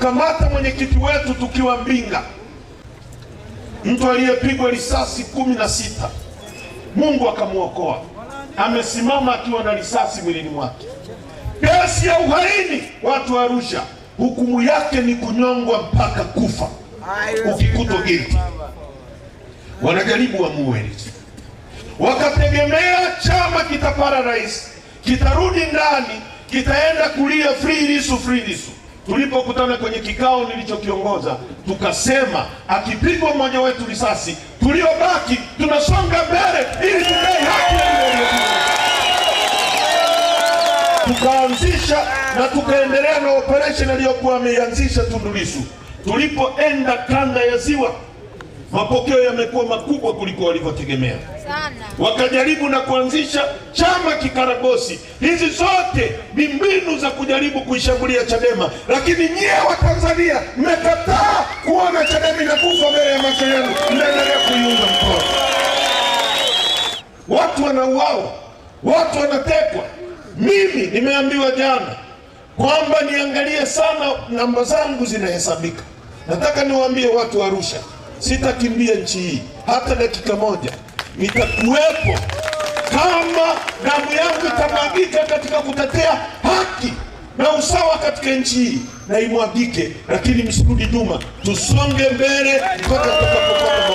kumkamata mwenyekiti wetu tukiwa Mbinga, mtu aliyepigwa risasi kumi na sita, Mungu akamwokoa, amesimama akiwa na risasi mwilini mwake. Kesi ya uhaini watu wa Arusha, hukumu yake ni kunyongwa mpaka kufa, ukikutwa guilty. Wanajaribu wamuue, wakategemea chama kitapara rais, kitarudi ndani, kitaenda kulia free Lissu, free Lissu Tulipokutana kwenye kikao nilichokiongoza, tukasema akipigwa mmoja wetu risasi, tuliobaki tunasonga mbele ili tudai haki. Tukaanzisha na tukaendelea na operesheni aliyokuwa ameianzisha Tundu Lissu. Tulipoenda kanda ya Ziwa, mapokeo yamekuwa makubwa kuliko walivyotegemea wakajaribu na kuanzisha chama kikaragosi. Hizi zote ni mbinu za kujaribu kuishambulia Chadema, lakini nyie wa tanzania mmekataa kuona Chadema inakufa mbele ya macho yenu, mnaendelea kuiunga mkono. Watu wanauawa, watu wanatekwa. Mimi nimeambiwa jana kwamba niangalie sana, namba zangu zinahesabika. Nataka niwaambie watu wa Arusha, sitakimbia nchi hii hata dakika moja nitakuwepo kama damu yangu itamwagika katika kutetea haki na usawa katika nchi hii, na imwagike, lakini msirudi nyuma, tusonge mbele mpaka tutakapokuwa